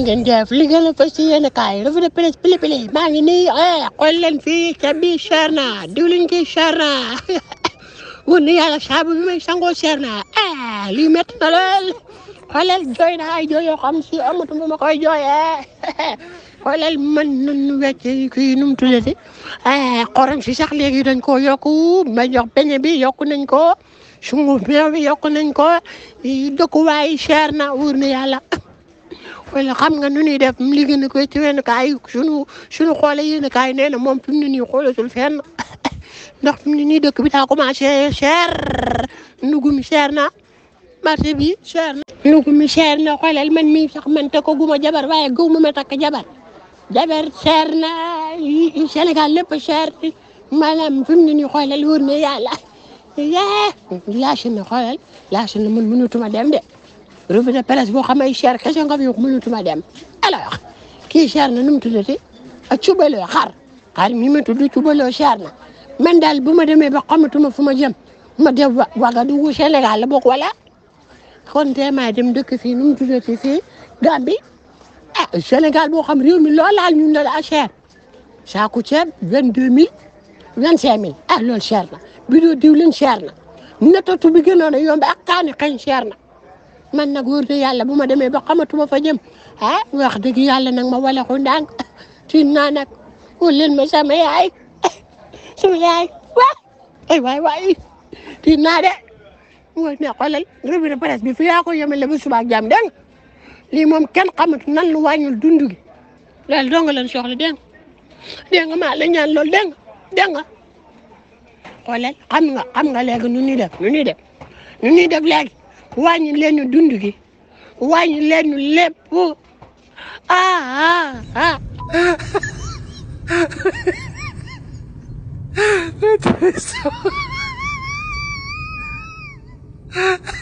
ngeen def li ngeen la fas yéene kaay revue de presse pili maa ngi nii xool leen fii ceeb bi cher na diwlin gi cher na wër na yàlla saabu bi may sangoo cher na lii métti na jooy na jooy yoo xam si amatu ma koy jooyee xoolal man nu wecc kii nu mu tuddati eh, xorom si sax léegi dañ koo yokku ma jox peñe bi yokku nañ ko sunguf bi yokku nañ ko dëkkuwaay cher na wóor na yàlla wala xam nga nu ñuy def li gën ko ci wenn kaay sunu sunu xoole yéen a kaay nee na moom fi mu ne nii xoolatul fenn ndax fi dëkk bi daa commencé cher ndugu mi na marché bi cher na ndugu mi cher na xoolal man mii sax man takkaguma jabar waaye gëw ma ma takk jabar jabar cher na Sénégal lépp cher maanaam fi mu ne nii xoolal wóor na yàlla laaj na xoolal laaj na man mënutuma dem de revue de presse boo xam ne cher kese nga fi mënutuma dem alors kii cher na nu mu tuddati ak cubaloo xar xar mi ma tudd cubaloo cher na man daal bu ma demee ba xamatuma fu ma jëm ma dem Ouagadougou Sénégal la bokk wala kon tey maa dem dëkk fii nu mu tuddati fii Gambie ah Sénégal boo xam réew mi loolaal ne la ah cher saako ceeb vingt deux mille vingt cinq mille ah loolu diwlin cher na nettatu bi gënoon a yomb ak kaani xëy cher na man nag wóor na yàlla ma demee ba xamatuma fa jëm ah wax dëgg yàlla nag ma wala ko ndànk tin naa nag ma sama yaay sama yaay waay ay waay waay tin naa de mooy ne xoolal revue de presse bi fi yaa ko lii moom kenn xamut nan lu wàññul dund gi loolu dong lañ soxla dégg nga dégg nga maa la ñaan loolu dégg nga dégg nga xam nga xam nga léegi nu ñuy def nu ñuy def nu ñuy def léegi wàññi leen ñu dund gi wàññi leen ñu lépp ah ah